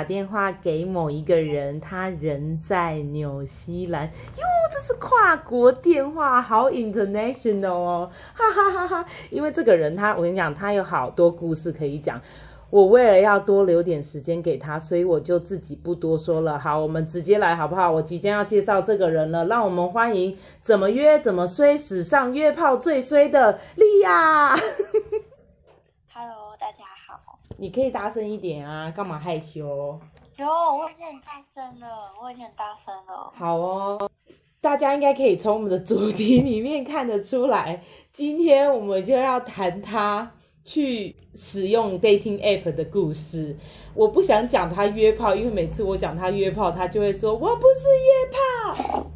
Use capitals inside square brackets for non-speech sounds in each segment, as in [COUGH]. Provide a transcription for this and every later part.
打電話給某一個人，他人在紐西蘭喲，這是跨國電話，好 international 哦，哈哈哈哈！因為這個人他，我跟你講，他有好多故事可以講。我為了要多留點時間給他，所以我就自己不多說了。好，我們直接來好不好？我即將要介紹這個人了，讓我們歡迎怎麼約怎麼衰，史上約炮最衰的 Lia。 [LAUGHS] 你可以大聲一點啊，幹嘛害羞？喲，我已經很大聲了，我已經很大聲了。好哦，大家應該可以從我們的主題裡面看得出來， [LAUGHS] 今天我們就要談他去使用 dating app 的故事。我不想講他約炮，因為每次我講他約炮，他就會說我不是約炮。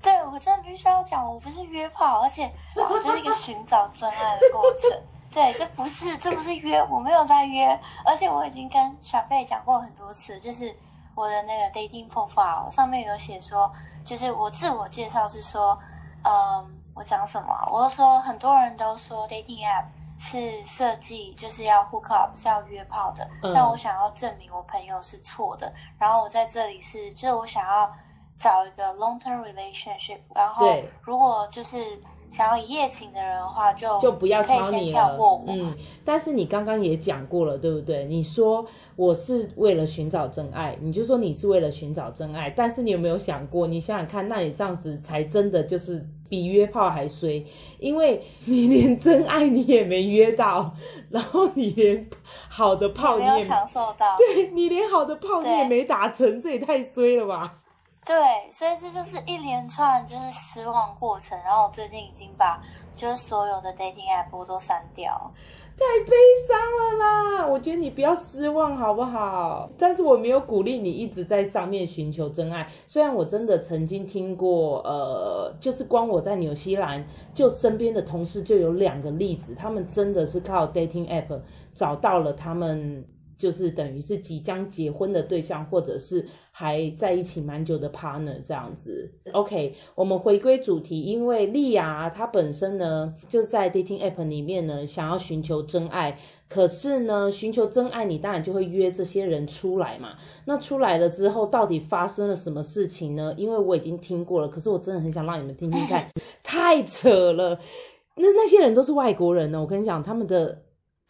對，我真的必須要講我不是約炮，而且我這是一個尋找真愛的過程。 [LAUGHS] 對，這不是，這不是約，我沒有在約，而且我已經跟小貝講過很多次，就是我的那個 dating profile 上面有寫說，就是我自我介紹是說，嗯，我講什麼啊？我是說，很多人都說 dating app 是設計就是要 hook up，是要約炮的，但我想要證明我朋友是錯的，然後我在這裡是，就是我想要找一個 long term relationship，然後如果就是。想要一夜情的人的話，就就不要操你了。嗯，但是你剛剛也講過了，對不對？你說我是為了尋找真愛，你就說你是為了尋找真愛。但是你有沒有想過？你想想看，那你這樣子才真的就是比約炮還衰，因為你連真愛你也沒約到，然後你連好的炮你也沒，也沒有享受到，對，你連好的炮你也沒打成，對這也太衰了吧。對，所以這就是一連串就是失望過程。然後我最近已經把就是所有的 dating app 都刪掉，太悲傷了啦！我覺得你不要失望好不好？但是我沒有鼓勵你一直在上面尋求真愛。雖然我真的曾經聽過，呃，就是光我在紐西蘭，就身邊的同事就有兩個例子，他們真的是靠 dating app 找到了他們。就是等於是即將結婚的對象，或者是還在一起蠻久的 partner 這樣子。OK，我們回歸主題，因為莉亞她本身呢就在 dating app 裡面呢，想要尋求真愛。可是呢，尋求真愛，你當然就會約這些人出來嘛。那出來了之後，到底發生了什麼事情呢？因為我已經聽過了，可是我真的很想讓你們聽聽看，哎、太扯了。那那些人都是外國人呢，我跟你講，他們的。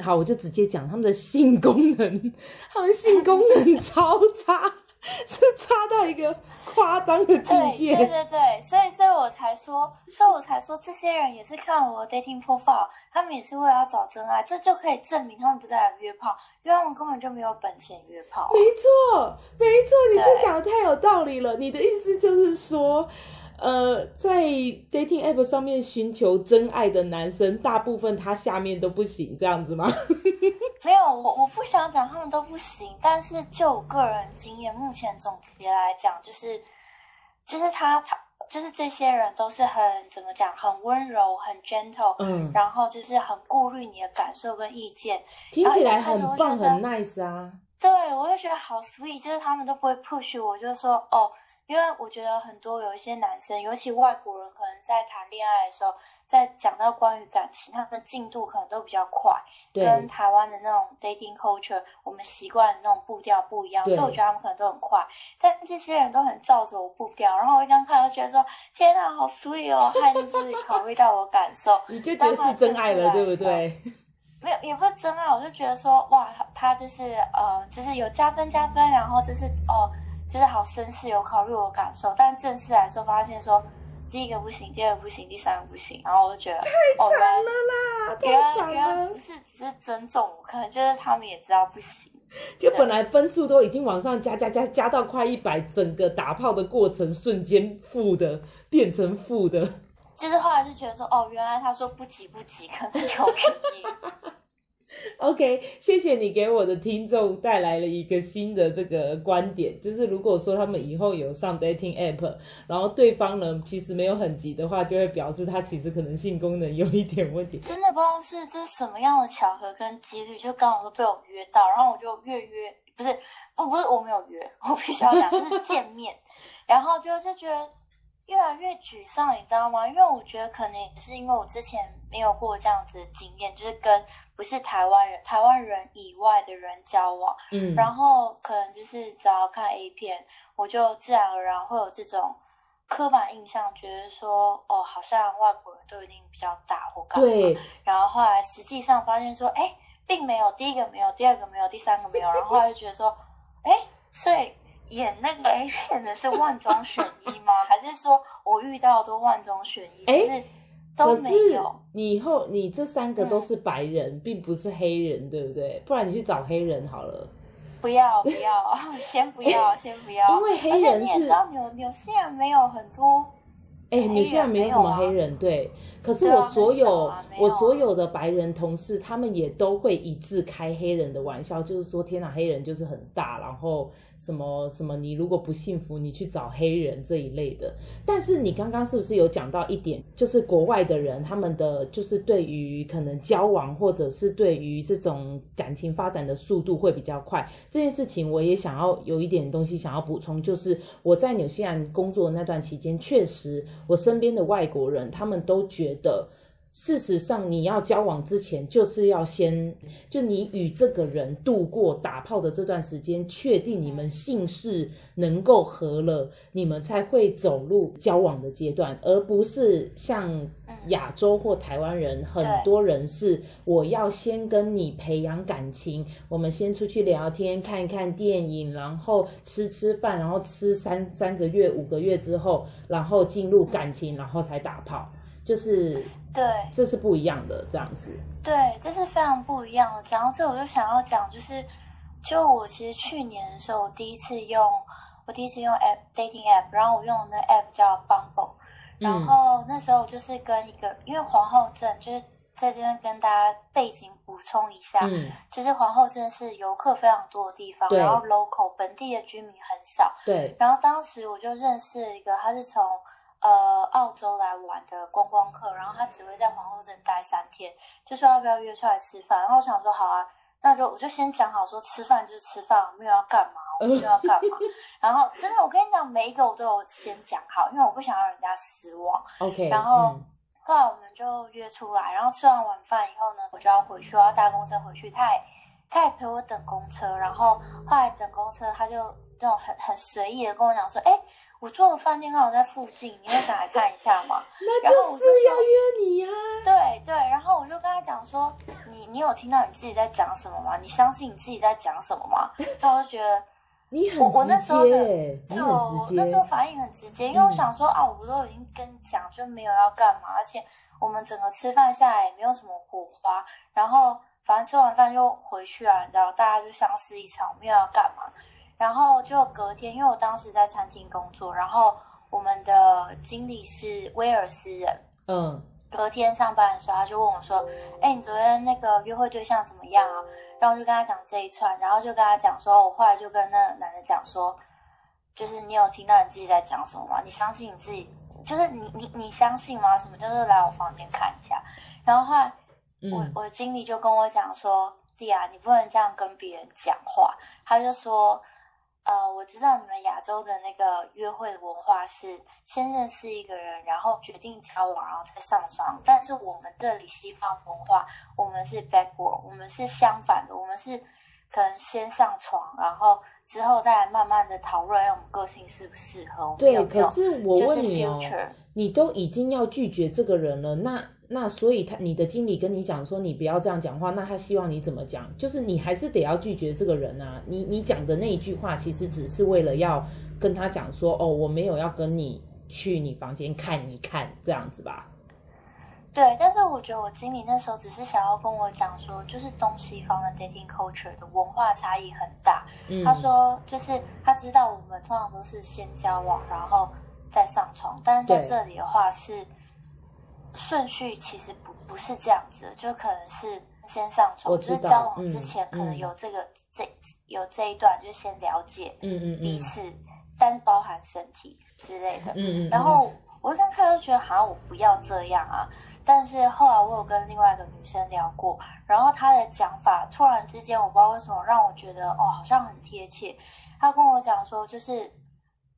好，我就直接講他們的性功能，他們性功能超差， [LAUGHS] 是差到一個誇張的境界。對，對對對，所以所以我才說，所以我才說，這些人也是看了我的 dating profile，他們也是為了要找真愛，這就可以證明他們不是來約炮，因為他們根本就沒有本錢約炮，啊沒。沒錯，沒錯，你這講的太有道理了。對你的意思就是說。呃，在 dating app 上面尋求真愛的男生，大部分他下面都不行，這樣子嗎？ [LAUGHS] 沒有，我我不想講，他們都不行。但是就我個人經驗，目前總結來講，就是就是他他就是這些人都是很怎麼講，很溫柔，很 gentle，嗯，然後就是很顧慮你的感受跟意見，聽起來很棒，覺得很 nice 啊。對，我就覺得好 sweet，就是他們都不會 push 我，就是說哦。因為我覺得很多有一些男生，尤其外國人，可能在談戀愛的時候，在講到關於感情，他們進度可能都比較快，對跟台灣的那種 dating culture 我們習慣的那種步調不一樣，對所以我覺得他們可能都很快。但這些人都很照着我步調，然後我一剛看到，覺得說天啊，好 sweet 哦，還是 [LAUGHS] 考慮到我感受，你就覺得是真愛了，對不對？沒有，也不是真愛，我就覺得說哇，他就是呃，就是有加分加分，然後就是哦。呃就是好紳士，有考慮我感受，但正式來說發現說，第一個不行，第二個不行，第三個不行，然後我就覺得太慘了啦，哦、太慘了。不是只是尊重，可能就是他們也知道不行。就本來分數都已經往上加加加加到快一百，整個打炮的過程瞬間負的變成負的。就是後來就覺得說，哦，原來他說不急不急，可能有原因 [LAUGHS] O.K.，謝謝你給我的聽眾帶來了一個新的這個觀點，就是如果說他們以後有上 dating app，然後對方呢其實沒有很急的話，就會表示他其實可能性功能有一點問題。真的不知道是這什麼樣的巧合跟幾率，就剛好被我約到，然後我就越約不是不、哦、不是我沒有約，我必須要講就是見面， [LAUGHS] 然後就就覺得。越來越沮喪，你知道嗎？因為我覺得可能也是因為我之前沒有過這樣子的經驗，就是跟不是台灣人、台灣人以外的人交往，嗯，然後可能就是只要看 A 片，我就自然而然會有這種刻板印象，覺得說哦，好像外國人都一定比較大或幹嘛，剛剛對然後後來實際上發現說，哎，並沒有，第一個沒有，第二個沒有，第三個沒有，然後，後來就覺得說，哎，所以。演那個、A、片的是萬中選一嗎？ [LAUGHS] 還是說我遇到的都萬中選一？欸、可是都沒有。你以後你這三個都是白人，嗯、並不是黑人，對不對？不然你去找黑人好了。不要不要，先不要 [LAUGHS] 先不要。欸、不要，因為黑人你也知道，你，紐紐西蘭沒有很多。欸，紐西蘭沒有什麼黑人，啊、對，可是我所有、啊啊有啊、我所有的白人同事，他們也都會一致開黑人的玩笑，就是說天哪，黑人就是很大，然後什麼什麼，你如果不幸福，你去找黑人這一類的。但是你剛剛是不是有講到一點，嗯、就是國外的人他們的就是對於可能交往或者是對於這種感情發展的速度會比較快這件事情，我也想要有一點東西想要補充，就是我在紐西蘭工作的那段期間確實。我身邊的外國人，他們都覺得。事實上，你要交往之前，就是要先就你與這個人度過打炮的這段時間，確定你們性事能夠合了，你們才會走入交往的階段，而不是像亞洲或台灣人很多人是，我要先跟你培養感情，我們先出去聊天，看一看電影，然後吃吃飯，然後吃三三個月、五個月之後，然後進入感情，然後才打炮。就是對，這是不一樣的這樣子。對，這是非常不一樣的。講到這，我就想要講，就是就我其實去年的時候，我第一次用，我第一次用 app dating app，然後我用的那 app 叫 Bumble。然後那時候我就是跟一個，嗯，因為皇後鎮就是在這邊跟大家背景補充一下，嗯，就是皇後鎮是遊客非常多的地方，對，然後 local 本地的居民很少，對。然後當時我就認識了一個，他是從。呃，澳洲來玩的觀光客，然後他只會在皇後鎮待三天，就說要不要約出來吃飯。然後我想說好啊，那就我就先講好，說吃飯就是吃飯，沒有要幹嘛，我沒有要幹嘛。 [LAUGHS] 然後真的，我跟你講，每一個我都有先講好，因為我不想要人家失望。OK。然後後來我們就約出來，然後吃完晚飯以後呢，我就要回去，我要搭公車回去。他也他也陪我等公車，然後後來等公車，他就那種很很隨意的跟我講說，哎。我住的飯店剛好在附近，你有想來看一下嗎？ [LAUGHS] 那就是要約你呀，啊。對對，然後我就跟他講說，你你有聽到你自己在講什麼嗎？你相信你自己在講什麼嗎？他就覺得你、欸、我我那時候的就我那時候反應很直接，因為我想說、嗯、啊，我不都已經跟你講，就沒有要幹嘛，而且我們整個吃飯下來也沒有什麼火花，然後反正吃完飯又回去啊，你知道，大家就相識一場，沒有要幹嘛。然後就隔天，因為我當時在餐廳工作，然後我們的經理是威爾斯人，嗯，隔天上班的時候，他就問我說：“哎，你昨天那個約會對象怎麼樣啊？”然後我就跟他講這一串，然後就跟他講說：“我後來就跟那個男的講說，就是你有聽到你自己在講什麼嗎？你相信你自己？就是你你你相信嗎？什麼就是來我房間看一下。”然後後來，我我經理就跟我講說：“嗯、弟啊，你不能這樣跟別人講話。”他就說。呃，我知道你們亞洲的那個約會文化是先認識一個人，然後決定交往，然後再上床。但是我們這裡西方文化，我們是 backward，我們是相反的，我們是可能先上床，然後之後再慢慢的討論我們個性適不適合。我們對有沒有，沒有，可是我問你哦、就是 future。你都已經要拒絕這個人了，那那所以他你的經理跟你講說你不要這樣講話，那他希望你怎麼講？就是你還是得要拒絕這個人啊。你你講的那一句話其實只是為了要跟他講說，哦，我沒有要跟你去你房間看一看這樣子吧。對，但是我覺得我經理那時候只是想要跟我講說，就是東西方的 dating culture 的文化差異很大。嗯。他說，就是他知道我們通常都是先交往，然後。在上床，但是在這裡的話是順序其實不對不是這樣子的，就可能是先上床。我知道，就是交往之前可能有這個、嗯、這有這一段，就先了解嗯，嗯嗯彼此，但是包含身體之類的，嗯嗯。然後我剛開始覺得好像、嗯啊、我不要這樣啊，但是後來我有跟另外一個女生聊過，然後她的講法突然之間我不知道為什麼讓我覺得哦，好像很貼切。她跟我講說就是。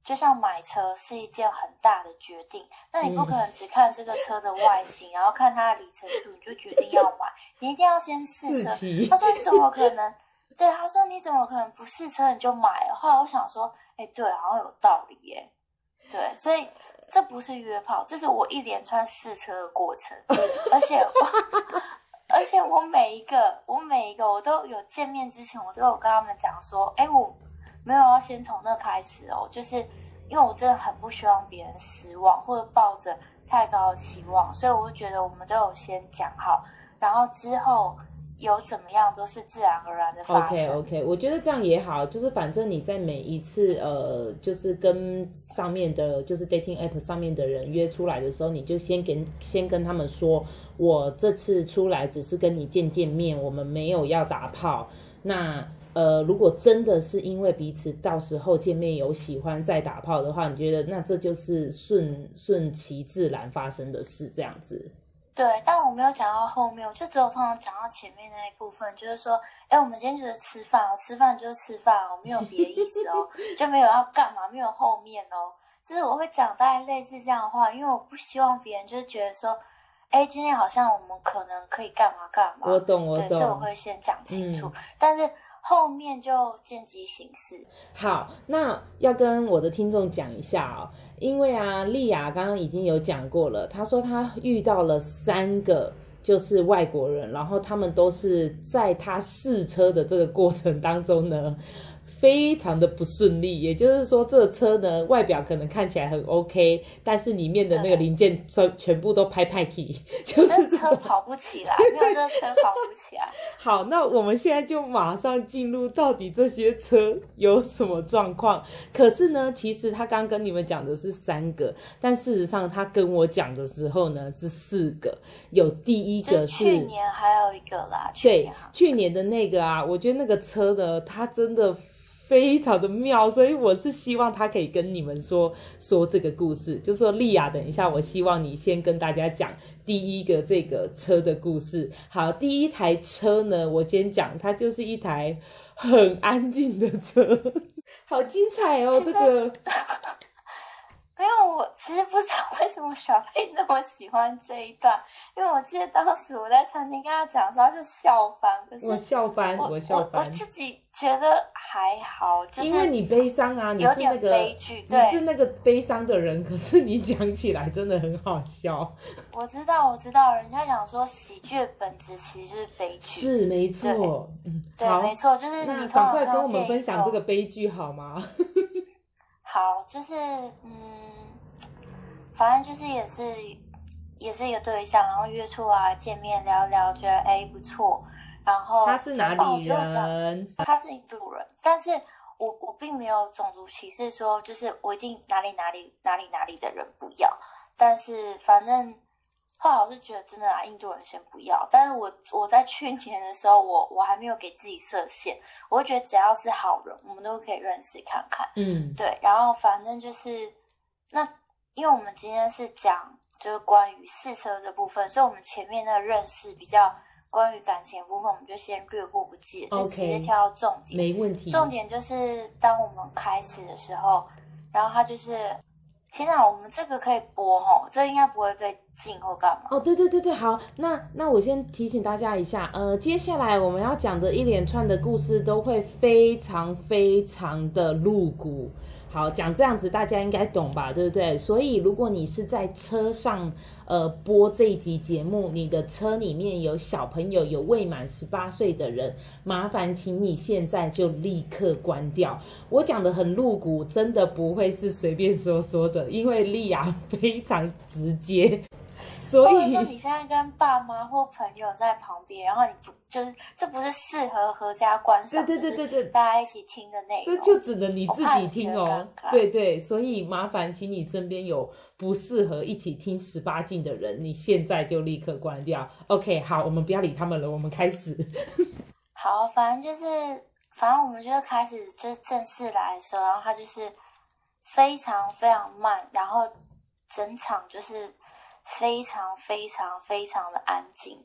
就像買車是一件很大的決定，那你不可能只看這個車的外形，嗯、然後看它的里程數，你就決定要買。你一定要先試車。騎他說：“你怎麼可能？”對，他說：“你怎麼可能不試車你就買？”後來我想說：“哎、欸，對，好像有道理耶。”對，所以這不是約炮，這是我一連串試車的過程。而且， [LAUGHS] 而且我每一個，我每一個，我都有見面之前，我都有跟他們講說：“哎、欸，我。”沒有，要先從那開始哦，就是因為我真的很不希望別人失望，或者抱着太高的期望，所以我就覺得我們都有先講好，然後之後有怎麼樣都是自然而然的發生。OK，OK，我覺得這樣也好，就是反正你在每一次呃，就是跟上面的，就是 dating app 上面的人約出來的時候，你就先跟先跟他們說，我這次出來只是跟你見見面，我們沒有要打炮。那呃，如果真的是因為彼此到時候見面有喜歡再打炮的話，你覺得那這就是順順其自然發生的事這樣子？對，但我沒有講到後面，我就只有通常講到前面那一部分，就是說，哎，我們今天就是吃飯，吃飯就是吃飯，我沒有別的意思哦， [LAUGHS] 就沒有要幹嘛，沒有後面哦，就是我會講大概類似這樣的話，因為我不希望別人就是覺得說，哎，今天好像我們可能可以幹嘛幹嘛，我懂我懂，對，所以我會先講清楚，嗯、但是。後面就見機行事。好，那要跟我的聽眾講一下哦，因為啊，麗亞剛剛已經有講過了，她說她遇到了三個就是外國人，然後他們都是在她試車的這個過程當中呢。非常的不順利，也就是說，這車呢，外表可能看起來很 OK，但是裡面的那個零件，全 Okay. 全部都拍拍體，就是車跑不起來。你這車跑不起來。好，那我們現在就馬上進入到底這些車有什麼狀況？可是呢，其實他剛跟你們講的是三個，但事實上他跟我講的時候呢是四個，有第一個是去年還有一個啦，啊、對，去年的那個啊，我覺得那個車呢，它真的。非常的妙，所以我是希望他可以跟你們說說這個故事，就說 Lia，等一下，我希望你先跟大家講第一個這個車的故事。好，第一台車呢，我先講，它就是一台很安靜的車， [LAUGHS] 好精彩哦，實這個。因為我其實不知道為什麼小飛那麼喜歡這一段，因為我記得當時我在餐廳跟他講的時候，他就笑翻。我笑翻，我笑翻。我自己覺得還好，就是因為你悲傷啊，你是那個悲劇，對。你是那個悲傷的人，可是你講起來真的很好笑。我知道，我知道，人家講說喜劇的本質其實就是悲劇，是沒錯，對，沒錯，就是你趕快跟我們分享這個悲劇好嗎？好，就是嗯，反正就是也是也是一個對象，然後約出來、啊、見面聊聊，覺得哎不錯，然後他是哪裡人？哦我覺得，他是印度人，但是我我並沒有種族歧視說，說就是我一定哪裡哪裡哪裡哪裡的人不要，但是反正。不好是覺得真的啊，印度人先不要。但是我我在去年的時候，我我還沒有給自己設限，我會覺得只要是好人，我們都可以認識看看。嗯，對。然後反正就是那，因為我們今天是講就是關於試車這部分，所以我們前面的認識比較關於感情部分，我們就先略過不計，Okay, 就直接挑重點。沒問題。重點就是當我們開始的時候，然後他就是。天吶，我們這個可以播吼、哦，這個、應該不會被禁或幹嘛？哦，對對對對，好，那那我先提醒大家一下，呃，接下來我們要講的一連串的故事都會非常非常的露骨。好，講這樣子，大家應該懂吧，對不對？所以如果你是在車上，呃，播這一集節目，你的車裡面有小朋友，有未滿十八歲的人，麻煩請你現在就立刻關掉。我講的很露骨，真的不會是隨便說說的，因為 Lia 非常直接。所以或者說你現在跟爸媽或朋友在旁邊，然後你不就是，這不是適合合家觀賞對對，對對，大家一起聽的那，那就只能你自己聽哦。對對，所以麻煩，請你身邊有不適合一起聽十八禁的人，你現在就立刻關掉。OK，好，我們不要理他們了，我們開始。 [LAUGHS] 好，反正就是，反正我們就開始，就正式來說，然後他就是非常非常慢，然後整場就是。非常非常非常的安靜。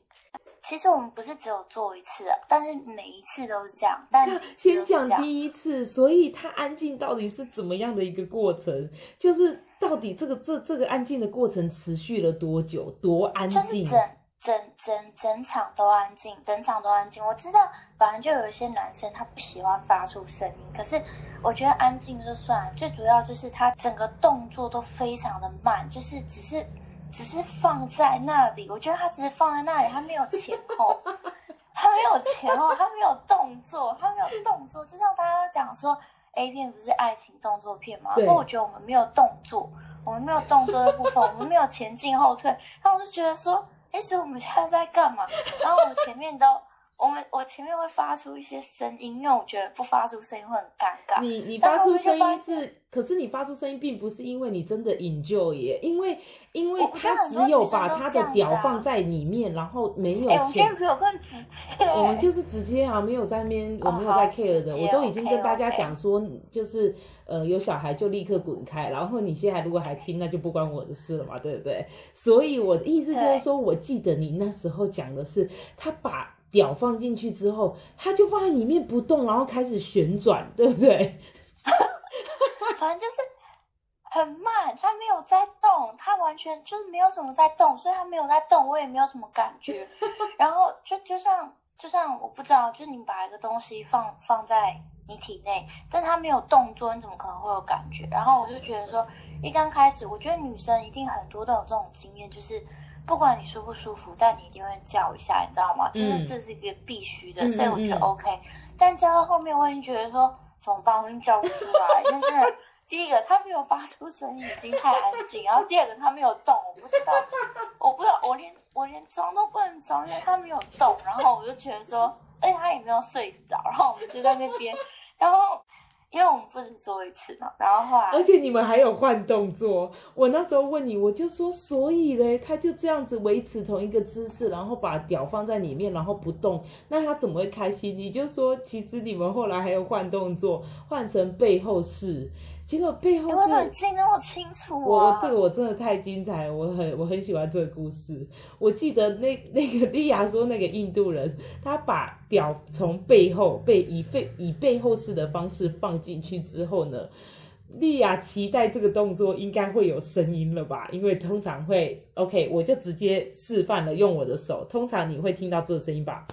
其實我們不是只有做一次，但是每一次都是這樣，但先講第一次，所以他安靜到底是怎麼樣的一個過程？就是到底這個這這個安靜的過程持續了多久？多安靜？就是整整整整場都安靜，整場都安靜。我知道，反正就有一些男生他不喜歡發出聲音，可是我覺得安靜就算了。最主要就是他整個動作都非常的慢，就是只是。只是放在那裡，我覺得他只是放在那裡，他沒有前後，他沒有前後，他沒有動作，他沒有動作，就像大家都講說，A 片不是愛情動作片嗎？然後對我覺得我們沒有動作，我們沒有動作的部分，我們沒有前進後退，然後我就覺得說，哎、欸，所以我們現在在幹嘛？然後我們前面都。我們我前面會發出一些聲音，因為我覺得不發出聲音會很尷尬。你你發出聲音是，會會可是你發出聲音並不是因為你真的享受耶，因為因為他只有把他的屌放在裡面，然後沒有錢，我有更直接。我們就是直接啊，沒有在那邊，我沒有在 care 的，oh, 我都已經跟大家講說，okay, okay. 就是呃有小孩就立刻滾開，然後你現在如果還聽，那就不關我的事了嘛，對不對？所以我的意思就是說，對我記得你那時候講的是他把。屌放進去之後，它就放在裡面不動，然後開始旋轉，對不對？ [LAUGHS] 反正就是很慢，它沒有在動，它完全就是沒有什麼在動，所以它沒有在動，我也沒有什麼感覺。然後就就像就像我不知道，就是你把一個東西放放在你體內，但它沒有動作，你怎麼可能會有感覺？然後我就覺得說，一剛開始，我覺得女生一定很多都有這種經驗，就是。不管你舒不舒服，但你一定會叫一下，你知道嗎？就是這是一個必須的，嗯、所以我覺得 OK。嗯嗯、但叫到後面，我已經覺得說怎麼辦，我叫不出來，因為 [LAUGHS] 第一個他沒有發出聲音，已經太安靜；然後第二個他沒有動，我不知道，我不知道，我連我連裝都不能裝，因為他沒有動。然後我就覺得說，哎，他也沒有睡着，然後我們就在那邊，然後。因為我們不止做一次嘛，然後後來，而且你們還有換動作。我那時候問你，我就說，所以嘞，他就這樣子維持同一個姿勢，然後把屌放在裡面，然後不動，那他怎麼會開心？你就說，其實你們後來還有換動作，換成背後式。結果背後是，欸，我怎麼記得那麼清楚啊？我這個我真的太精彩了，我很我很喜歡這個故事。我記得那那個莉亞說，那個印度人他把屌從背後被以背以背後式的方式放進去之後呢，莉亞期待這個動作應該會有聲音了吧？因為通常會 OK，我就直接示範了用我的手，通常你會聽到這個聲音吧？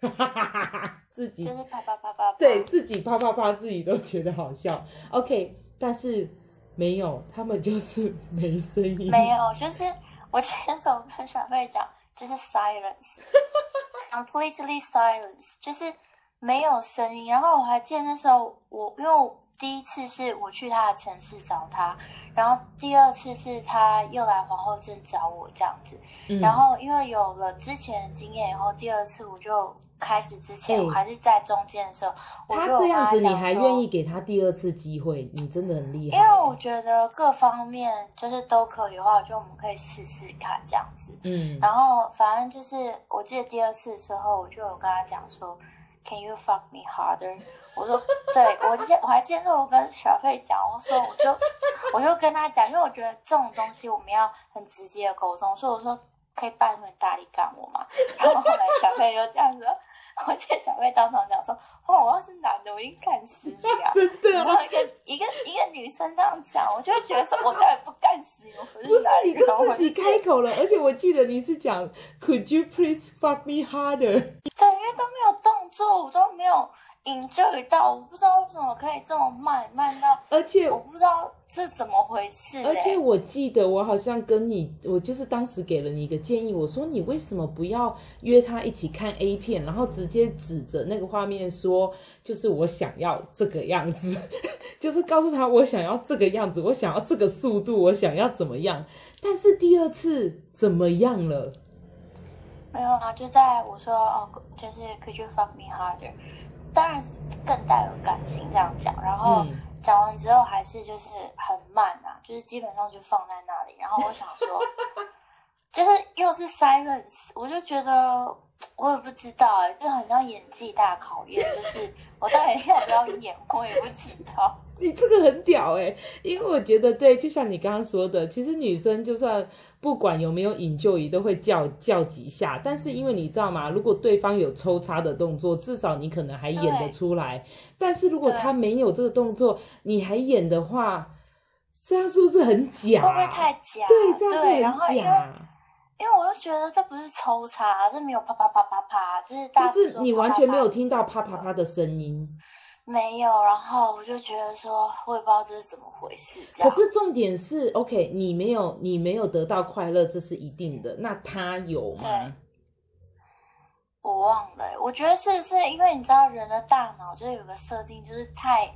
哈哈哈！ [LAUGHS] 自己就是啪啪啪啪，啪，對自己啪啪啪，自己都覺得好笑。OK，但是沒有，他們就是沒聲音。沒有，就是我之前怎麼跟小貝講，就是 silence，completely [LAUGHS] silence，就是沒有聲音。然後我還記得那時候，我因為我第一次是我去他的城市找他，然後第二次是他又來皇後鎮找我這樣子。嗯、然後因為有了之前的經驗，然後第二次我就。開始之前，欸、我還是在中間的時候，我就這樣子，你還願意給他第二次機會，你真的很厲害、欸。因為我覺得各方面就是都可以的話，就我們可以試試看這樣子。嗯，然後反正就是我記得第二次的時候，我就有跟他講說，Can you fuck me harder？我說，對，我之前我還記得我跟小費講，我說我就我就跟他講，因為我覺得這種東西我們要很直接的溝通，所以我說。可以扮成大力幹我嗎？然後後來小貝又這樣子說，我記得小貝當場講說：“哦，我要是男的，我一定幹死你啊！” [LAUGHS] 真的嗎，然後一個一個一個女生這樣講，我就會覺得說：“ [LAUGHS] 我根本不幹死你，我不是大力。”不是，你自己開口了。 [LAUGHS] 而且我記得你是講：“Could you please fuck me harder？” 對，因為都沒有動作，我都沒有。這一道我不知道為什麼可以這麼慢，慢到而且我不知道是怎麼回事、欸。而且我記得我好像跟你，我就是當時給了你一個建議，我說你為什麼不要約他一起看 A 片，然後直接指着那個畫面說，就是我想要這個樣子， [LAUGHS] 就是告訴他我想要這個樣子，我想要這個速度，我想要怎麼樣。但是第二次怎麼樣了？沒有啊，就在我說哦，uh, 就是 Could you fuck me harder? 當然是更帶有感情這樣講，然後講完之後還是就是很慢啊，嗯、就是基本上就放在那裡。然後我想說，就是又是 silence，我就覺得我也不知道欸，就很像演技大考驗就是我到底要不要演，我也不知道。你這個很屌哎、欸，因為我覺得對，就像你剛剛說的，其實女生就算不管有沒有引誘儀，都會叫叫幾下。但是因為你知道嗎？嗯、如果對方有抽插的動作，至少你可能還演得出來。對但是如果他沒有這個動作，你還演的話，這樣是不是很假？會不會太假？對，這樣子對很假，然後因，因為我又覺得這不是抽插，這沒有啪啪啪啪啪、啪，就是啪啪啪啪、就是、就是你完全沒有聽到啪啪啪的聲音。沒有，然後我就覺得說，我也不知道這是怎麼回事。這樣。可是重點是，OK，你沒有，你沒有得到快樂，這是一定的。嗯。那他有嗎？我忘了，我覺得是是因為你知道，人的大腦就有個設定，就是太。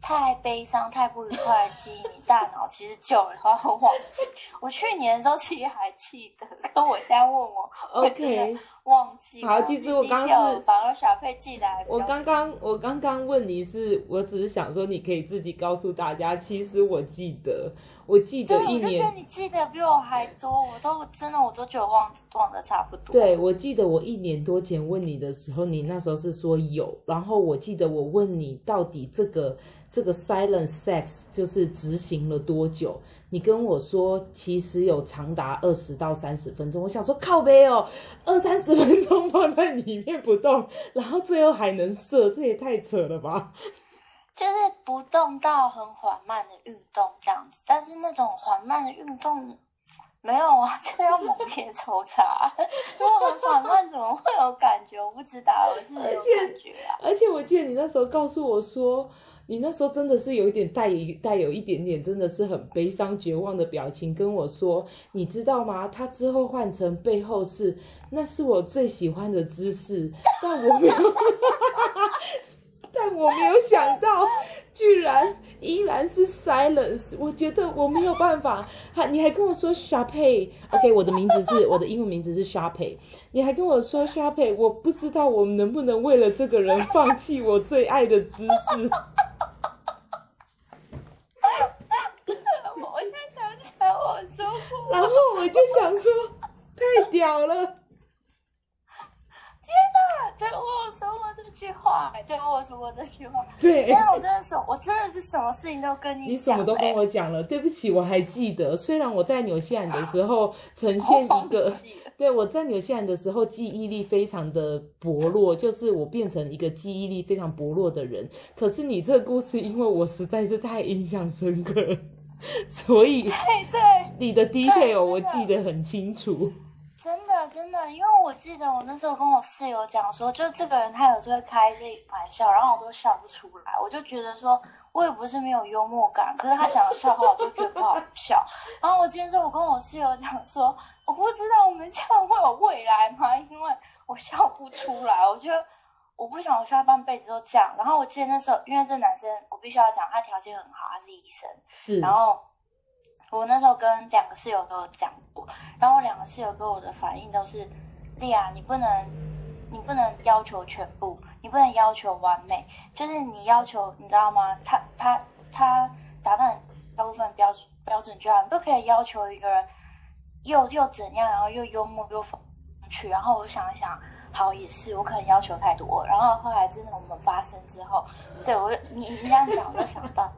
太悲傷、太不愉快的記憶，你大腦其實久了他會 [LAUGHS] 忘記。我去年的時候其實還記得，可我現在問我，OK，我忘記。好，記其實我剛剛是 detail, 反我小費寄來。我剛剛我剛剛問你是，是我只是想說，你可以自己告訴大家，其實我記得，我記得一年，對。我就覺得你記得比我還多，我都真的我都覺得忘忘的差不多。對，我記得我一年多前問你的時候，你那時候是說有，然後我記得我問你到底這個。這個 silent sex 就是執行了多久？你跟我說其實有長達二十到三十分鐘，我想說靠北哦、喔，二三十分鐘放在裡面不動，然後最後還能射，這也太扯了吧！就是不動到很緩慢的運動這樣子，但是那種緩慢的運動沒有啊，就要猛烈抽插，如果 [LAUGHS] 很緩慢怎麼會有感覺？我不知道，我是沒有感覺、啊、而且、而且我記得你那時候告訴我說。你那時候真的是有一點帶一帶有一點點，真的是很悲傷絕望的表情跟我說，你知道嗎？他之後換成背後是，那是我最喜歡的姿勢，但我沒有， [LAUGHS] [LAUGHS] 但我沒有想到，居然依然是 silence。我覺得我沒有辦法，還、啊、你還跟我說 Sharpay，OK，我的名字是我的英文名字是 Sharpay，你還跟我說 Sharpay，我不知道我能不能為了這個人放棄我最愛的姿勢。 [LAUGHS] 然後我就想說， [LAUGHS] 太屌了！天哪！跟我說過這句話，跟我說過這句話。對，因為我真的是，我真的是什麼事情都跟你講。你什麼都跟我講了，欸、對不起，我還記得。雖然我在紐西蘭的時候呈現一個，啊、我對我在紐西蘭的時候記憶力非常的薄弱，就是我變成一個記憶力非常薄弱的人。可是你這個故事，因為我實在是太印象深刻。所以，對對，你的低配我記得很清楚，真的真的，因為我記得我那時候跟我室友講說，就這個人他有時候會開一些玩笑，然後我都笑不出來，我就覺得說我也不是沒有幽默感，可是他講的笑話我就覺得不好笑。 [LAUGHS] 然後我今天說我跟我室友講說，我不知道我們這樣會有未來嗎？因為我笑不出來，我覺得。我不想我下半輩子都這樣。然後我記得那時候，因為這男生，我必須要講，他條件很好，他是醫生。是。然後我那時候跟兩個室友都講過，然後兩個室友給我的反應都是，麗亞，你不能，你不能要求全部，你不能要求完美。就是你要求，你知道嗎？他他他達到大部分標準標準就好，你不可以要求一個人又又怎樣，然後又幽默又風趣。然後我想一想。好也是，我可能要求太多。然後後來真的我們發生之後，對，我你你這樣講，我就想到，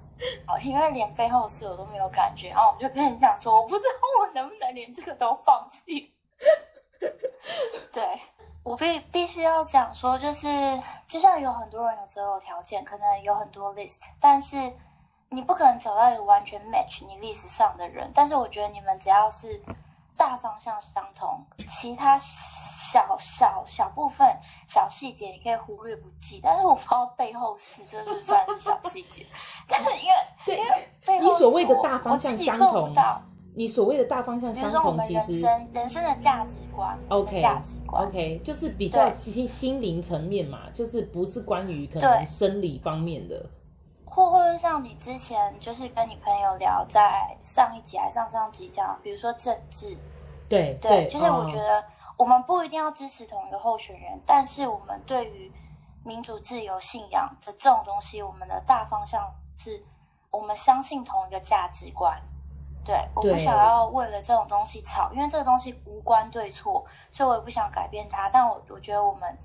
好， [LAUGHS] 因為連背後事我都沒有感覺，哦，我就跟你講說，我不知道我能不能連這個都放棄。 [LAUGHS] 對，我必必須要講說，就是就像有很多人有擇偶條件，可能有很多 list，但是你不可能找到一個完全 match 你歷史上的人。但是我覺得你們只要是。大方向相同，其他小小小部分小細節你可以忽略不計，但是我發到背後就算是小細節， [LAUGHS] 但是因為對因為背後是我，我自己做不到。你所謂的大方向相同，你所謂的大方向相同，比如說我們人生實人生的價值觀，價 Okay, 值觀 okay,，OK，就是比較心心靈層面嘛，對就是不是關於可能生理方面的，或或者像你之前就是跟你朋友聊在上一集還上上集講，比如說政治。對對，對對就是我覺得我們不一定要支持同一個候選人，嗯，但是我們對於民主自由信仰的這種東西，我們的大方向是我們相信同一個價值觀。對，對我不想要為了這種東西吵，因為這個東西無關對錯，所以我也不想改變它。但我我覺得我們。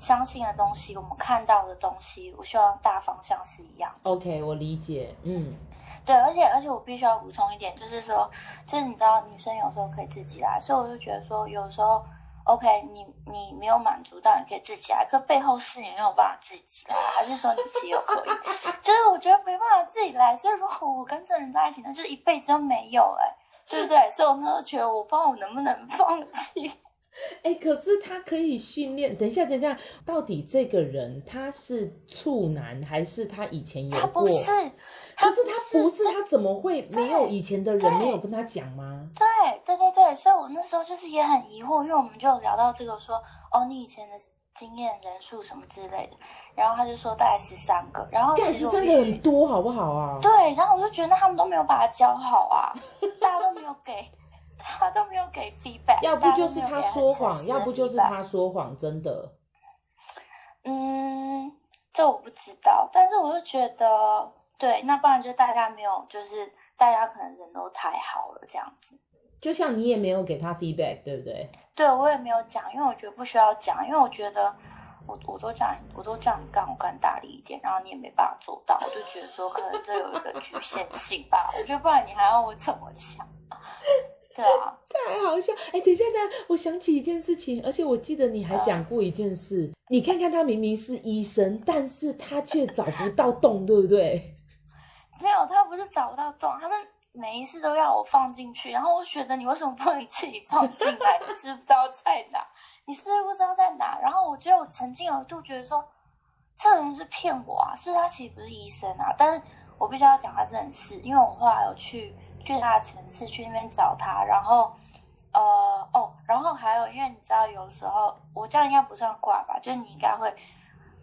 相信的東西，我們看到的東西，我希望大方向是一樣的。OK，我理解。嗯，對，而且而且我必須要補充一點，就是說，就是你知道，女生有時候可以自己來，所以我就覺得說，有時候 OK，你你沒有滿足到，你可以自己來。可背後是你沒有辦法自己來，還是說你其實又可以？ [LAUGHS] 就是我覺得沒辦法自己來，所以如果我跟這人在一起呢，就是一輩子都沒有哎、欸，對不對？ [LAUGHS] 所以我真的覺得，我不知道我能不能放棄。哎，可是他可以訓練。等一下，等一下，到底這個人他是處男還是他以前有過？他不是，不是，可是他不是，就他怎麼會沒有以前的人對沒有跟他講嗎？對對對對，所以我那時候就是也很疑惑，因為我們就有聊到這個說，哦，你以前的經驗人數什麼之類的，然後他就說大概十三個，然後其實真的很多，好不好啊？對，然後我就覺得他們都沒有把他教好啊，大家都沒有給。 [LAUGHS] 他都沒有給 feedback，要不就是他說謊，要不就是他說謊，真的。嗯，這我不知道，但是我就覺得，對，那不然就大家沒有，就是大家可能人都太好了這樣子。就像你也沒有給他 feedback，對不對？對，我也沒有講，因為我覺得不需要講，因為我覺得我我都這樣，我都這樣幹，我幹大力一點，然後你也沒辦法做到，我就覺得說可能這有一個局限性吧。 [LAUGHS] 我覺得不然你還要我怎麼講？太、啊、太好笑！哎、欸，等一下，等一下，我想起一件事情，而且我記得你還講過一件事。Uh, 你看看他明明是醫生，但是他卻找不到洞， [LAUGHS] 對不對？沒有，他不是找不到洞，他是每一次都要我放進去，然後我選擇你為什麼不能自己放進來？ [LAUGHS] 你知不知道在哪？你是不是不知道在哪？然後我覺得我曾經有度，覺得說這個、人是騙我啊，是，是他其實不是醫生啊，但是我必須要講，他這件事，因為我後來有去。去他的城市去那邊找他，然後，呃，哦，然後還有，因為你知道，有時候我這樣應該不算掛吧？就是你應該會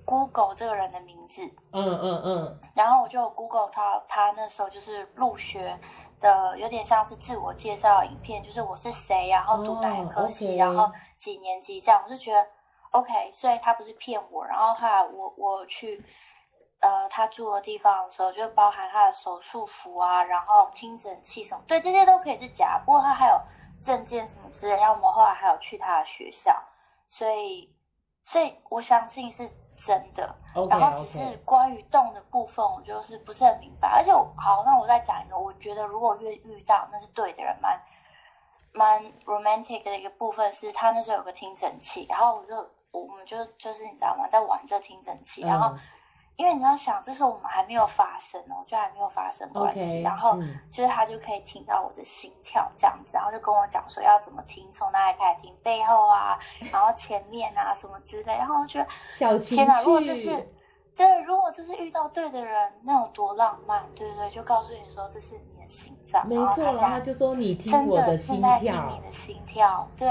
Google 這個人的名字，嗯嗯嗯。嗯嗯，然後我就有 Google 他，他那時候就是入學的，有點像是自我介紹影片，就是我是誰，然後讀哪科系，哦、然後幾年級這樣。我就覺得、哦、okay, OK，所以他不是騙我。然後後來我我去。呃，他住的地方的時候就包含他的手術服啊，然後聽診器什麼，對，這些都可以是假。不過他還有證件什麼之類，然後我們後來還有去他的學校，所以，所以我相信是真的。然後只是關於動的部分，我就是不是很明白。而且，好，那我再講一個，我覺得如果遇遇到那是對的人，蠻蠻 romantic 的一個部分是，他那時候有個聽診器，然後我就我們就就是你知道嗎，在玩這聽診器，然後、嗯。因為你要想，這時候我們還沒有發生哦，就還沒有發生關係，Okay, 然後、嗯、就是他就可以聽到我的心跳這樣子，然後就跟我講說要怎麼聽，從哪裡開始聽，背後啊，然後前面啊， [LAUGHS] 什麼之類，然後我覺得，小天吶，如果這是，對，如果這是遇到對的人，那有多浪漫，對不對，就告訴你說這是你的心臟，沒錯、啊，然後他想他就說你聽我的真的，在聽你的心跳，對，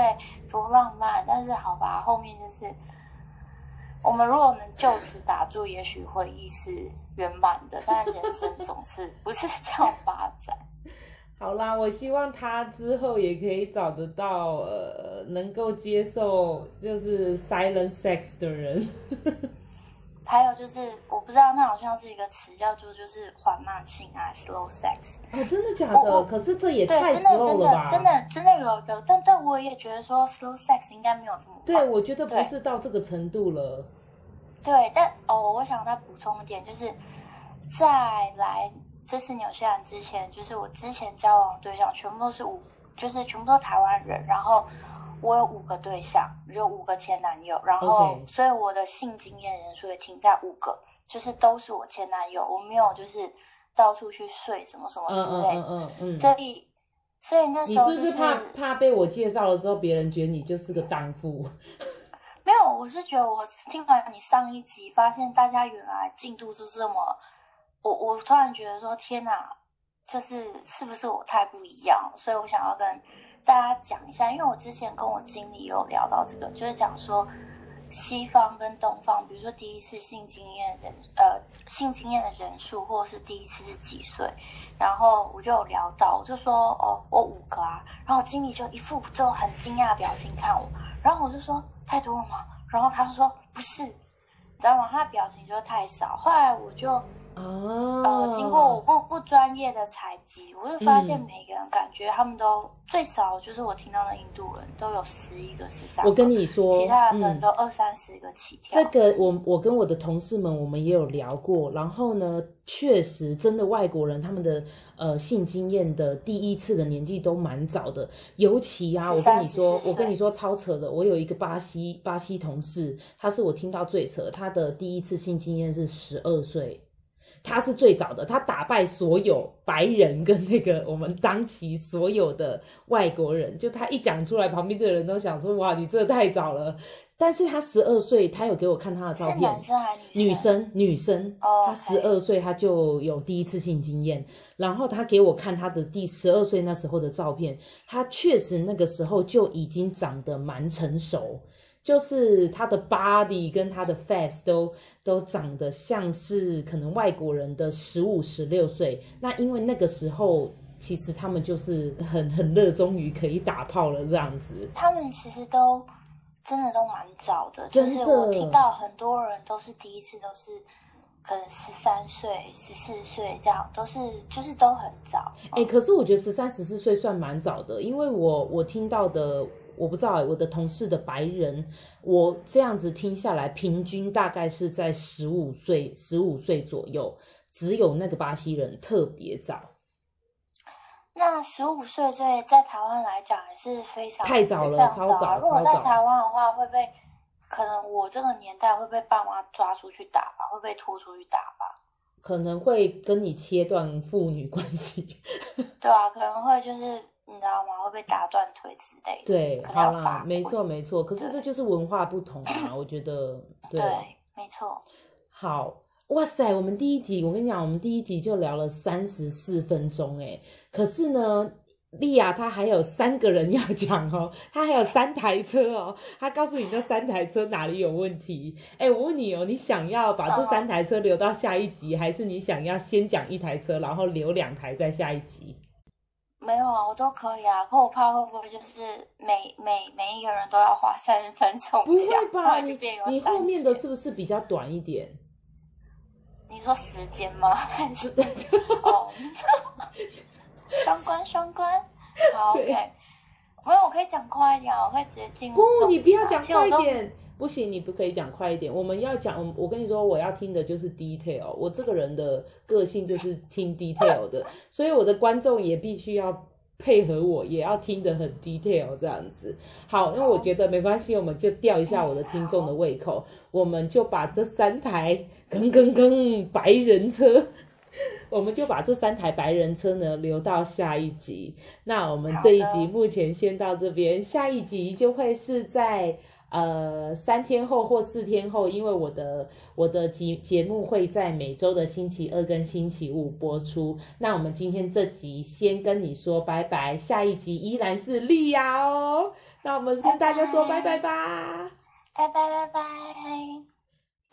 多浪漫，但是好吧，後面就是。我們如果能就此打住，也許回憶是圓滿的，但人生總是不是這樣發展。 [LAUGHS] 好啦，我希望他之後也可以找得到，呃，能夠接受就是 silent sex 的人。 [LAUGHS] 還有就是，我不知道，那好像是一個詞，叫做就是緩慢性啊，slow sex。哦，真的假的？哦、可是這也太 s, 對真的 slow 了吧？真的真的真的真的有的，但但我也覺得說，slow sex 應該沒有這麼慢，對，我覺得不是對到這個程度了。對，但哦，我想再補充一點，就是在來這次紐西蘭之前，就是我之前交往的對象全部都是五，就是全部都是台灣人，然後。我有五個對象，有五個前男友，然後 Okay. 所以我的性經驗人數也停在五個，就是都是我前男友，我沒有就是到處去睡什麼什麼之類，嗯嗯嗯嗯嗯，所以所以那時候就是，你是不是怕，怕被我介紹了之後別人覺得你就是個蕩婦？ [LAUGHS] 沒有，我是覺得我聽完你上一集，發現大家原來進度就這麼，我我突然覺得說天哪，就是是不是我太不一樣？所以我想要跟。大家講一下，因為我之前跟我經理有聊到這個，就是講說西方跟東方，比如說第一次性經驗的人，呃，性經驗的人數，或者是第一次是幾歲，然後我就有聊到，我就說哦，我五個啊，然後經理就一副就很驚訝的表情看我，然後我就說太多了嗎？然後他就說不是，你知道嗎？他的表情就太少。後來我就。啊，呃，經過我不不專業的採集，我就發現每個人感覺他們都、嗯、最少就是我聽到的印度人都有十一個、十三個。我跟你說，其他的人都二三十個起跳。這個我我跟我的同事們我們也有聊過，然後呢，確實真的外國人他們的呃性經驗的第一次的年紀都蠻早的，尤其啊，13，我跟你說，我跟你說超扯的，我有一個巴西巴西同事，他是我聽到最扯，他的第一次性經驗是十二歲。他是最早的，他打敗所有白人跟那個我們當其所有的外國人，就他一講出來，旁邊的人都想說：“哇，你這太早了。”但是，他十二歲，他有給我看他的照片，是男生還是女生？女生，女生，嗯、他十二歲，他就有第一次性經驗，Okay. 然後他給我看他的第十二歲那時候的照片，他確實那個時候就已經長得蠻成熟。就是他的 body 跟他的 face 都都長得像是可能外國人的十五十六歲，那因為那個時候其實他們就是很很熱衷於可以打炮了這樣子。他們其實都真的都蠻早的，的就是我聽到很多人都是第一次都是可能十三歲、十四歲這樣，都是就是都很早。哎、嗯欸，可是我覺得十三十四歲算蠻早的，因為我我聽到的。我不知道、欸，我的同事的白人，我這樣子聽下來，平均大概是在十五歲，十五歲左右，只有那個巴西人特別早。那十五歲，這在台灣來講也是非常太早了，早啊。如果在台灣的話，會被可能我這個年代會被爸媽抓出去打吧，會被拖出去打吧？可能會跟你切斷父女關係。 [LAUGHS] 對啊，可能會就是。你知道嗎？會被打斷腿之類的。對，好啦、啊，沒錯沒錯。可是這就是文化不同啊，對我覺得。對，對沒錯。好，哇塞，我們第一集我跟你講，我們第一集就聊了三十四分鐘誒、欸、可是呢，利亞她還有三個人要講哦，她還有三台車哦。她 [LAUGHS] 告訴你那三台車哪裡有問題？誒、欸、我問你哦，你想要把這三台車留到下一集，嗯、還是你想要先講一台車，然後留兩台在下一集？沒有啊，我都可以啊，可我怕會不會就是每每每一個人都要花三十分鐘？不會吧？變你你後面的是不是比較短一點？你說時間嗎？哦， [LAUGHS] [LAUGHS] [LAUGHS] 雙關雙關，好，OK，不用，我可以講快一點，我可以直接進入重點、啊。不，你不要講快一點。不行，你不可以講快一點。我們要講，我跟你說，我要聽的就是 detail。我這個人的個性就是聽 detail 的，所以我的觀眾也必須要配合我，也要聽得很 detail 這樣子。好，那我覺得沒關係，我們就吊一下我的聽眾的胃口，我們就把這三台，更更更白人車， [LAUGHS] 我們就把這三台白人車呢留到下一集。那我們這一集目前先到這邊，下一集就會是在。呃，三天後或四天後，因為我的我的節節目會在每周的星期二跟星期五播出。那我們今天這集先跟你說拜拜，下一集依然是 Lia 哦。那我們跟大家說拜拜吧，拜拜拜拜。拜拜拜拜。